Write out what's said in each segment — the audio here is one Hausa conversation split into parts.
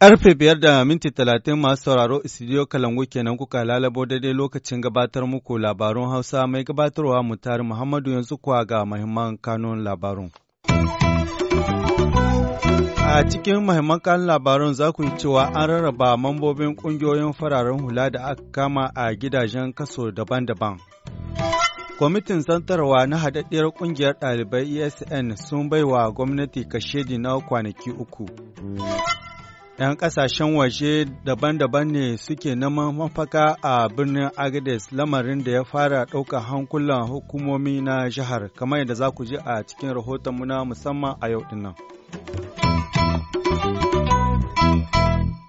Karfe biyar da minti talatin masu sauraro studio Kalangu kenan kuka lalabo daidai lokacin gabatar muku labarun Hausa mai gabatarwa mutari Muhammadu yanzu kuwa ga mahimman kanon labarun. A cikin mahimman labarun za ku yi cewa an rarraba mambobin ƙungiyoyin fararen hula da aka kama a gidajen kaso daban-daban. Kwamitin zantarwa na haɗaɗɗiyar ƙungiyar ɗalibai ESN sun wa gwamnati kashedi na kwanaki uku. 'Yan ƙasashen waje daban-daban ne suke neman mafaka a birnin Agades lamarin da ya fara ɗaukar hankulan hukumomi na jihar, kamar yadda za ku ji a cikin rahoton na musamman a yau dinnan.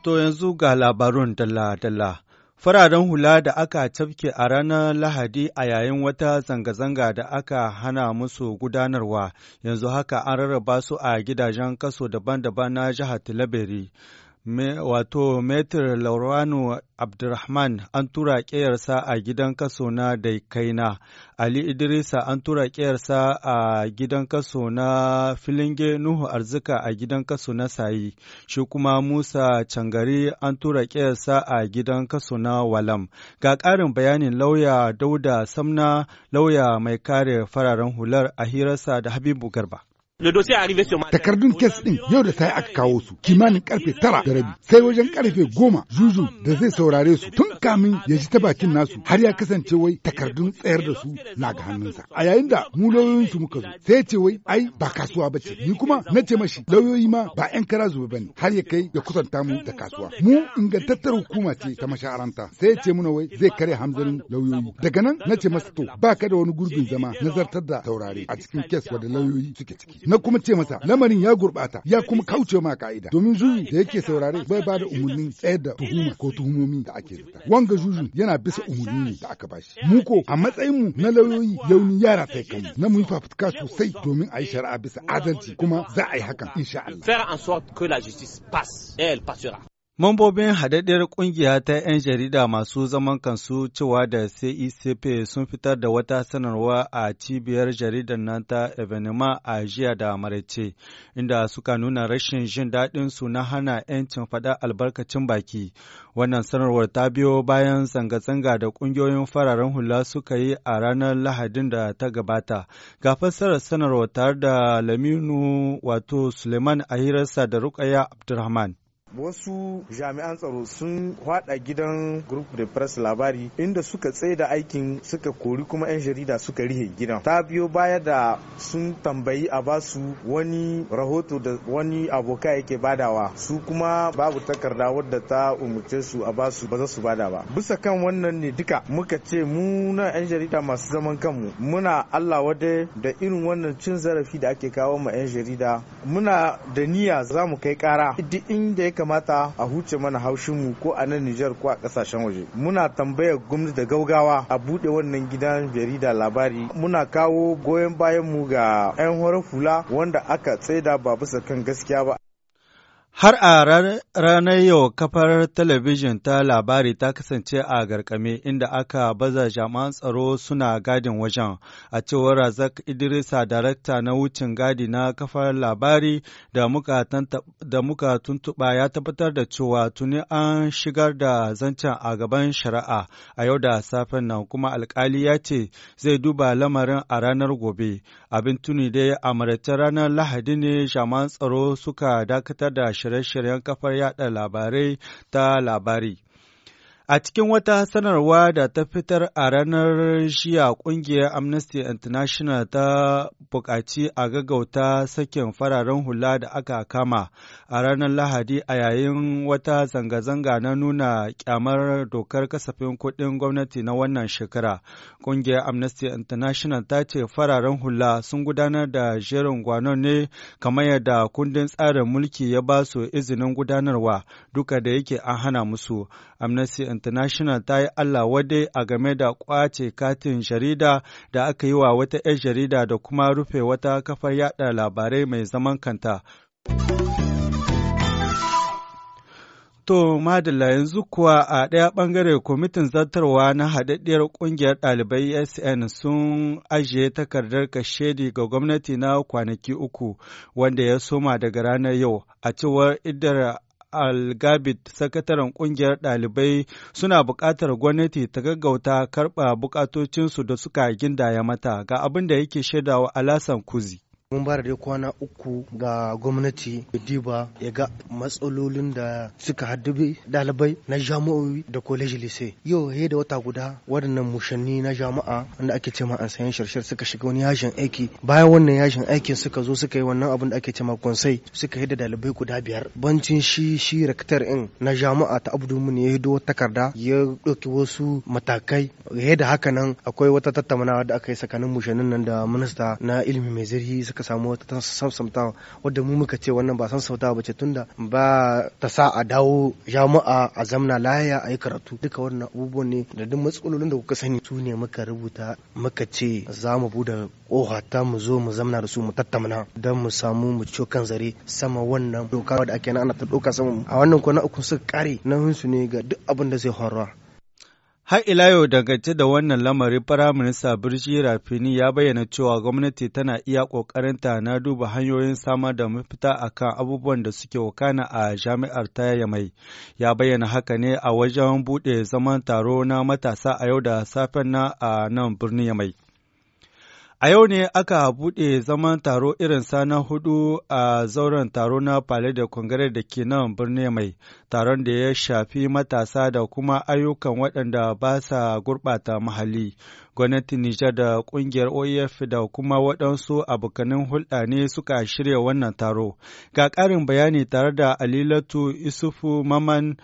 To yanzu ga labarun dalla-dalla. Fararen hula da aka cafke a ranar Lahadi a yayin wata zanga-zanga da aka hana musu gudanarwa, yanzu haka an rarraba su a gidajen kaso daban-daban na jihar Tilaberi. wato Metir Laurano Abdurrahman an tura ƙeyarsa a gidan kaso na Daikaina, Ali Idrisa an tura ƙeyarsa a gidan kaso na Filinge Nuhu Arzika a gidan kaso na Sayi, shi kuma Musa Cangari an tura ƙeyarsa a gidan kaso na Walam. Ga ƙarin bayanin lauya Dauda Samna lauya mai kare fararen hular a hirarsa da Habibu Garba. Takardun kes ɗin yau da ta aka kawo su kimanin karfe tara da rabi sai wajen karfe goma juju da zai saurare su tun min ya ji ta bakin nasu har ya kasance wai takardun tsayar da su na ga hannunsa a yayin da mu lauyoyin su muka zo sai ce wai ai ba kasuwa bace ni kuma na ce mashi lauyoyi ma ba yan kara zuba bane har ya kai ya kusanta mu da kasuwa mu ingantattar hukuma ce ta mashaaranta sai ya ce muna wai zai kare hamzarin lauyoyi daga nan na ce masa to ba ka da wani gurbin zama nazartar da taurare a cikin kes wadda lauyoyi suke ciki na kuma ce masa lamarin ya gurbata ya kuma kauce ma ka'ida domin juyi da yake saurare bai ba da umarnin tsayar da tuhuma ko tuhumomi da ake zata wanga juju yana bisa umarni ne da aka bashi. Mu ko a matsayin mu na lauyoyi yauni yara ta kanmu na mu yi fafutuka sosai domin a yi shari'a bisa adalci kuma za a yi hakan insha Allah. Faire en sorte que la justice passe et elle passera. Mambobin haɗaɗɗiyar ƙungiya ta 'yan jarida masu zaman kansu cewa da CECP sun fitar da wata sanarwa a cibiyar jaridar nan ta Evenema a jiya da Maraice, inda suka nuna rashin jin daɗin su na hana 'yancin faɗa albarkacin baki. Wannan sanarwar ta biyo bayan zanga-zanga da ƙungiyoyin fararen hula suka yi a ranar Lahadin da ta gabata. Ga fassarar sanarwar tare da Laminu wato Suleiman Ahirarsa da Rukaya Abdulrahman. wasu jami'an tsaro sun hada gidan group de press labari inda suka tsaida aikin suka kori kuma 'yan jarida suka rihe gidan ta biyo baya da sun tambayi a basu wani rahoto da wani aboka yake badawa su kuma babu takarda wadda ta umarce su a basu ba za su bada ba bisa kan wannan ne duka muka ce mu na 'yan jarida masu zaman kanmu muna allah wade da irin wannan cin zarafi da ake kawo ma 'yan jarida muna da niyya za mu kai kara duk inda ya kamata a huce mana haushin mu ko a nan Nijar ko a kasashen waje. Muna tambayar gwamnati da gaugawa a buɗe wannan gidan jarida labari. Muna kawo goyon bayan mu ga 'yan horar fula wanda aka tsaida ba bisa kan gaskiya ba. Har a ranar yau kafar talabijin ta labari ta kasance a garkame inda aka baza jama'an tsaro suna gadin wajen. A cewar Razak Idrisa, darakta na wucin gadi na kafar labari da muka tuntuɓa ya tabbatar da cewa tuni an shigar da zancen a gaban shari'a a yau da safen nan kuma alkali ya ce zai duba lamarin a ranar gobe. Abin tuni dai a ranar Lahadi ne jami'an tsaro suka dakatar da shirye-shiryen kafar yada labarai ta labari. A cikin wata sanarwa da ta fitar a ranar shiya ƙungiyar Amnesty International ta buƙaci a gaggauta sakin fararen hula da aka kama a ranar Lahadi a yayin wata zanga-zanga na nuna kyamar dokar kasafin kuɗin gwamnati na wannan shekara. Ƙungiyar Amnesty International ta ce fararen hula sun gudanar da jerin gwano ne kamar yadda kundin tsarin mulki ya ba su izinin gudanarwa duka da yake an hana musu. Amnesty International ta yi Allah wadai a game da kwace katin jarida da aka yi wa wata 'yar jarida da kuma rufe wata kafar yada labarai mai zaman kanta. To, Madalla yanzu kuwa a ɗaya ɓangare kwamitin zartarwa na haɗaɗɗiyar ƙungiyar ɗalibai SN sun ajiye takardar kashedi ga gwamnati na kwanaki uku, wanda ya soma daga ranar yau, a cewar idar Al-Gabit, sakataren ƙungiyar ɗalibai, suna buƙatar gwamnati ta gaggauta karɓa buƙatocinsu da suka gindaya mata ga abin da yake shaidawa Alasan Kuzi. mun ba da kwana uku ga gwamnati diba ya ga matsalolin da suka haddabe dalibai na jami'o'i da koleji lise yau he da wata guda waɗannan mushanni na jami'a wanda ake ce ma an sayan shirshir suka shiga wani yashin aiki bayan wannan yashin aikin suka zo suka yi wannan abin da ake ce ma konsai suka yi da dalibai guda biyar bancin shi shi rektar in na jami'a ta abdu mun ya hido takarda ya ɗauki wasu matakai he da haka nan akwai wata tattaunawa da aka yi tsakanin mushannin nan da minista na ilimi mai zirhi suka samu wata samsamtawa wadda mu muka ce wannan ba samsamtawa ba ce tunda ba ta sa a dawo jami'a a zamna lahiya a yi karatu duka wannan abubuwan ne da duk matsalolin da kuka sani su ne muka rubuta muka ce za mu bude kofa ta mu zo mu zamna da su mu tattauna don mu samu mu ciwo kan zare sama wannan doka da ake na ana ta doka sama a wannan kwana uku suka kare na hunsu ne ga duk abin da zai faruwa. Har ila yau dangance da wannan lamari Firaminista Birji Rafini ya bayyana cewa gwamnati tana iya ƙoƙarinta na duba hanyoyin samar da mafita a kan abubuwan da suke wakana a jami'ar ta mai. Ya bayyana haka ne a wajen buɗe zaman taro na matasa a yau da safen na a nan birnin Yamai. A yau ne aka buɗe zaman taro irin na hudu a zauren taro na pale da Kongare da ke nan birni mai, taron da ya shafi matasa da kuma ayyukan waɗanda ba sa gurɓata muhalli. gwamnati Nijar da ƙungiyar OEF da kuma waɗansu abokanin hulɗa ne suka shirya wannan taro. Ga ƙarin bayani tare da Alilatu Isufu Maman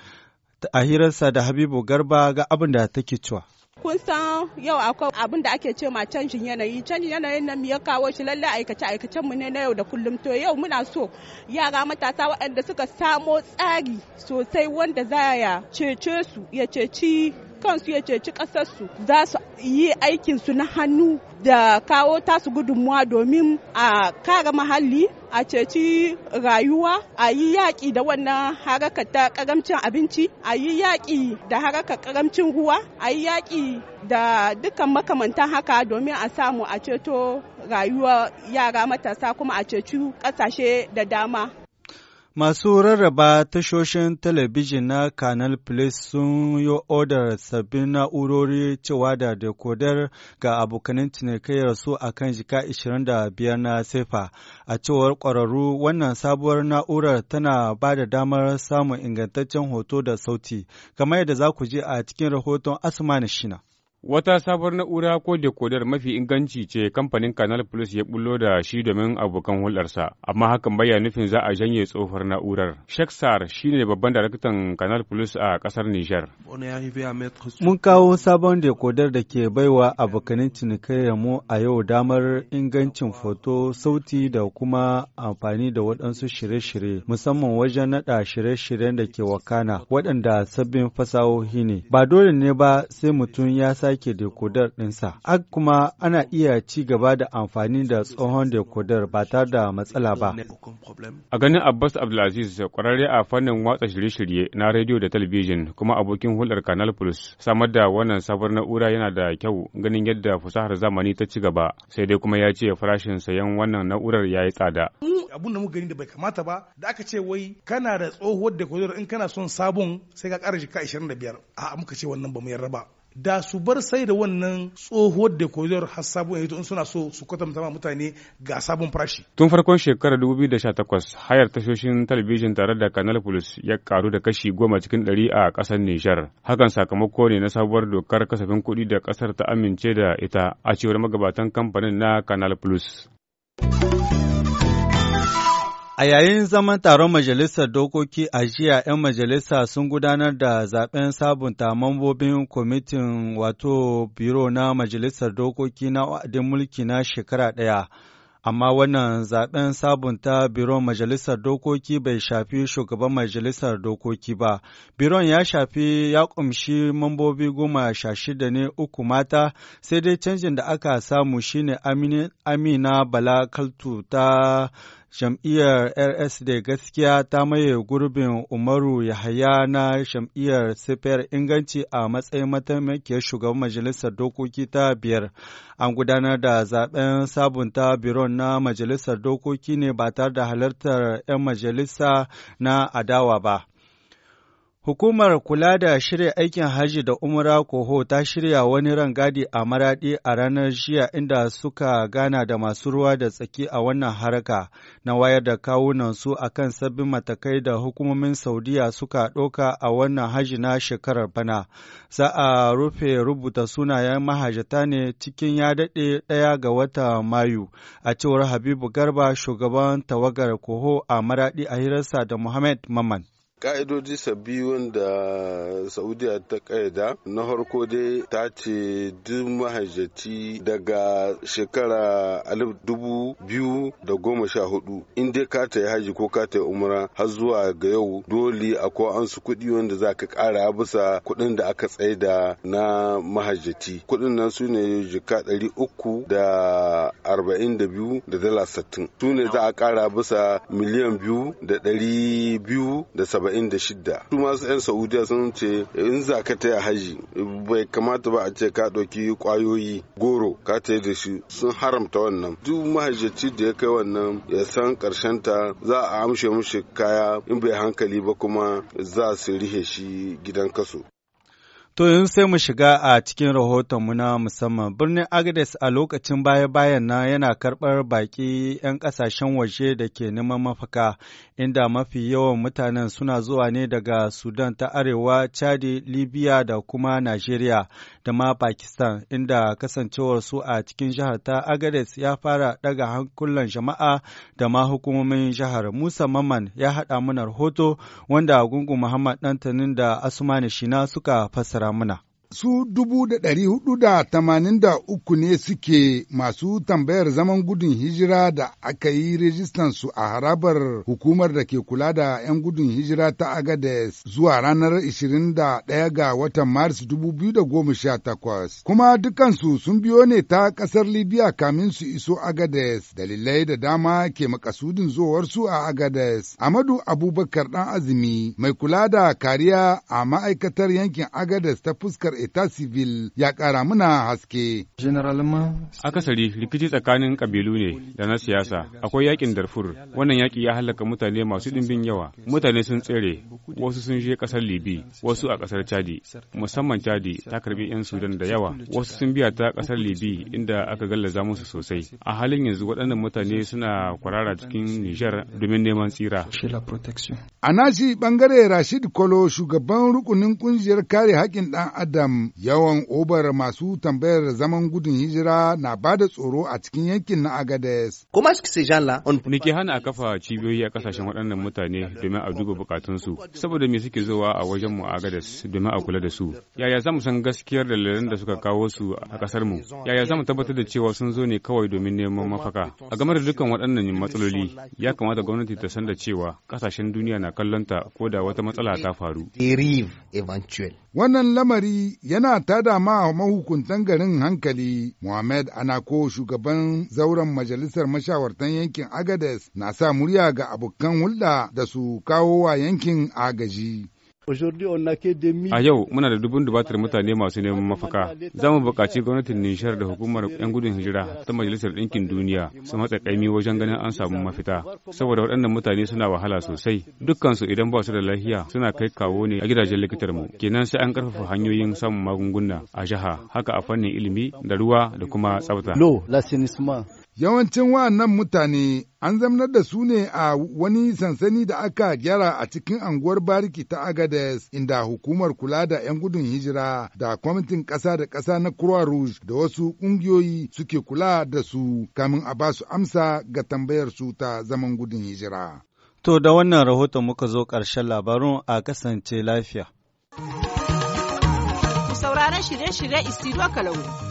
a hirarsa da Habibu Garba ga abin da take cewa. kun san yau akwai abin da ake ce ma canjin yanayi canjin yanayin nan ya kawo shi lalle aikace aikacen mu ne na yau da kullum to yau muna so yara matasa waɗanda suka samo tsari sosai wanda za ya cece su ya ceci kansu ya ceci ƙasarsu za su yi aikinsu na hannu da kawo tasu gudunmuwa domin a kare muhalli a ceci rayuwa a yi yaƙi da wannan harakar ta karamcin abinci a yi yaƙi da harakar karamcin ruwa a yi yaƙi da dukkan makamantan haka domin a samu a ceto rayuwar yara matasa kuma a ceci ƙasashe da dama Masu rarraba tashoshin talabijin na Canal Plus sun yi odar sabbin na'urori cewa da dekodar ga abokanin cinikayyar su a kan jika 25 na sefa. A cewar ƙwararru wannan sabuwar na'urar tana ba da damar samun ingantaccen hoto da sauti, kamar yadda za ku ji a cikin rahoton Asma Shina. Wata sabuwar na'ura ko dekodar mafi inganci ce kamfanin Canal Plus ya bullo da shi domin abokan hulɗarsa, amma hakan baya nufin za a janye tsofar na'urar. Sheksar shi ne babban daraktan Canal Plus a ƙasar Nijar. Mun kawo sabon dekodar da ke baiwa abokanin cinikayyar mu a yau damar ingancin foto, sauti da kuma amfani da waɗansu shirye-shirye, musamman wajen naɗa shirye-shiryen da ke wakana, waɗanda sabbin fasahohi ne. Ba dole ne ba sai mutum ya sa sake dekodar ɗinsa. Ak kuma ana iya ci gaba da amfani da tsohon dekodar ba tare da matsala ba. A ganin Abbas Abdulaziz kwararre a fannin watsa shirye-shirye na rediyo da talabijin kuma abokin hulɗar Canal Plus samar da wannan sabon na'ura yana da kyau ganin yadda fasahar zamani ta ci gaba sai dai kuma ya ce farashin sayan wannan na'urar ya yi tsada. abun da muka gani da bai kamata ba da aka ce wai kana da tsohuwar da in kana son sabon sai ka ƙara jika 25 a muka ce wannan ba mu yarda ba da su bar sai da wannan tsohuwar da koyar har sabon yanzu in suna so su kwatanta ma mutane ga sabon farashi. Tun farkon shekarar 2018 hayar tashoshin talabijin tare da Canal Plus ya karu da kashi goma cikin ɗari a ƙasar Nijar. Hakan sakamako ne na sabuwar dokar kasafin kuɗi da kasar ta amince da ita a cewar magabatan kamfanin na Canal Plus. A yayin zaman taron Majalisar Dokoki a jiya, ‘yan majalisa sun gudanar da zaben sabunta mambobin kwamitin wato biro na Majalisar Dokoki na wa'adin mulki na shekara ɗaya. Amma wannan zaben sabunta biron Majalisar Dokoki bai shafi shugaban Majalisar Dokoki ba. Biron ya shafi ya kumshi mambobi goma sha shida ne uku mata, sai dai canjin da aka samu shine Amina Bala Kaltu ta Jam'iyyar RSD gaskiya ta maye gurbin Umaru Yahaya na jam'iyyar Sifiyar Inganci a matsayin mataimakiyar shugaban Majalisar Dokoki ta biyar. An gudanar da zaben sabunta biron na Majalisar Dokoki ne ba tare da halartar 'yan majalisa na adawa ba. Hukumar kula da shirya aikin haji da Umra Koho ta shirya wani rangadi a maraɗi a ranar jiya inda suka gana da masu ruwa da tsaki a wannan haraka na wayar da kawunan su kan sabbin matakai da hukumomin Saudiya suka ɗauka a wannan haji na shekarar bana. Za a rufe rubuta sunayen mahajata ne cikin ya daɗe ɗaya ga wata Mayu, a cewar Habibu Garba shugaban tawagar Koho a maraɗi a hirarsa da Muhammad Maman. ka'idoji sabbi wanda saudiya ta kaida na harko dai ta ce duk mahajjaci daga shekara alif dubu goma sha hudu in dai ka ta yi haji ko ka ta yi umra har zuwa ga yau dole akwai an su kuɗi wanda za ka ƙara bisa kuɗin da aka tsaida na mahajjaci kuɗin nan su ne jika ɗari uku da arba'in da biyu da dala sittin su ne za a ƙara bisa miliyan biyu da ɗari biyu da saba'in 46 su masu 'yan saudiya sun ce in za ka taya haji bai kamata ba a ce ka ɗauki kwayoyi goro ka taya da shi sun haramta wannan duk mahajjaci da ya kai wannan ya san ƙarshen ta za a amshe mushi kaya in bai hankali ba kuma za su rihe shi gidan kaso To yin sai mu shiga a cikin rahotonmu na musamman birnin Agnes a lokacin baya-bayan na yana karɓar baƙi 'yan ƙasashen waje da ke neman mafaka, inda mafi yawan mutanen suna zuwa ne daga Sudan ta Arewa, Chadi, Libya da kuma Najeriya. da ma Pakistan, inda kasancewar su a cikin jihar ta agades ya fara daga hankulan jama'a da ma hukumomin jihar. Musa Maman ya haɗa mana rahoto wanda gungun Muhammad Dantanin da Asumani Shina suka fassara mana. su dubu da ɗari hudu da tamanin da uku ne suke masu tambayar zaman gudun hijira da aka yi rijistan su a harabar hukumar da ke kula da 'yan gudun hijira ta Agades zuwa ranar 21 ga watan Maris 2018. Kuma dukansu sun biyo ne ta ƙasar Libya kamin su iso Agades. Dalilai da dama ke makasudin zuwarsu a Agades. Amadu Abubakar ɗan azumi mai kula da kariya a ma'aikatar yankin Agades ta fuskar Eta Civil ya ƙara muna haske. Akasari rikici tsakanin ƙabilu ne da na siyasa. Akwai yakin Darfur, wannan yaki ya halaka mutane masu ɗimbin yawa. Mutane sun tsere, wasu sun je ƙasar Libi, wasu a ƙasar Chadi. Musamman Chadi ta karɓi 'yan Sudan da yawa, wasu sun biya ta ƙasar Libi inda aka gallaza musu sosai. A halin yanzu waɗannan mutane suna kwarara cikin Nijar domin neman tsira. A nashi ɓangare Rashid Kolo shugaban rukunin ƙungiyar kare haƙƙin ɗan Adam Maryam yawan obar masu tambayar zaman gudun hijira na ba da tsoro a cikin yankin na Agades. Ni ke hana a kafa cibiyoyi a kasashen waɗannan mutane domin a duba bukatunsu saboda me suke zuwa a wajen mu Agades domin a kula da su. Yaya za san gaskiyar dalilan da suka kawo su a kasar mu? Yaya zamu tabbatar da cewa sun zo ne kawai domin neman mafaka? A game da dukkan waɗannan matsaloli ya kamata gwamnati ta san da cewa kasashen duniya na kallonta ko da wata matsala ta faru. Wannan lamari yana tada ma mahukuntan garin hankali. Muhammad Anako shugaban zauren majalisar mashawartan yankin Agades na sa murya ga abokan hulɗa da su kawo wa yankin agaji. A yau muna da dubun dubatar mutane masu neman mafaka. Za mu buƙaci gwamnatin Nishar da hukumar 'yan gudun hijira ta Majalisar Ɗinkin Duniya su matsa ƙaimi wajen ganin an samu mafita. Saboda waɗannan mutane suna wahala sosai. Dukkansu idan ba su da lafiya suna kai kawo ne a gidajen likitar mu. Kenan sai an ƙarfafa hanyoyin samun magunguna a jiha, haka a fannin ilimi da ruwa da kuma tsafta. Yawancin wa'annan mutane an zamnar da su ne a wani sansani da aka gyara a cikin anguwar bariki ta Agades inda hukumar kula da 'yan gudun hijira da kwamitin ƙasa da ƙasa na Croix Rouge da wasu ƙungiyoyi suke kula da su kamin a ba su amsa ga tambayar su ta zaman gudun hijira. To da wannan rahoton muka zo ƙarshen labarun a kasance lafiya. saurare shirye-shirye Istiro Kalau.